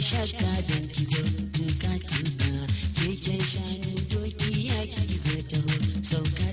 shakka don kizo zo zuka tina keken shanu doki ya ki zo sauka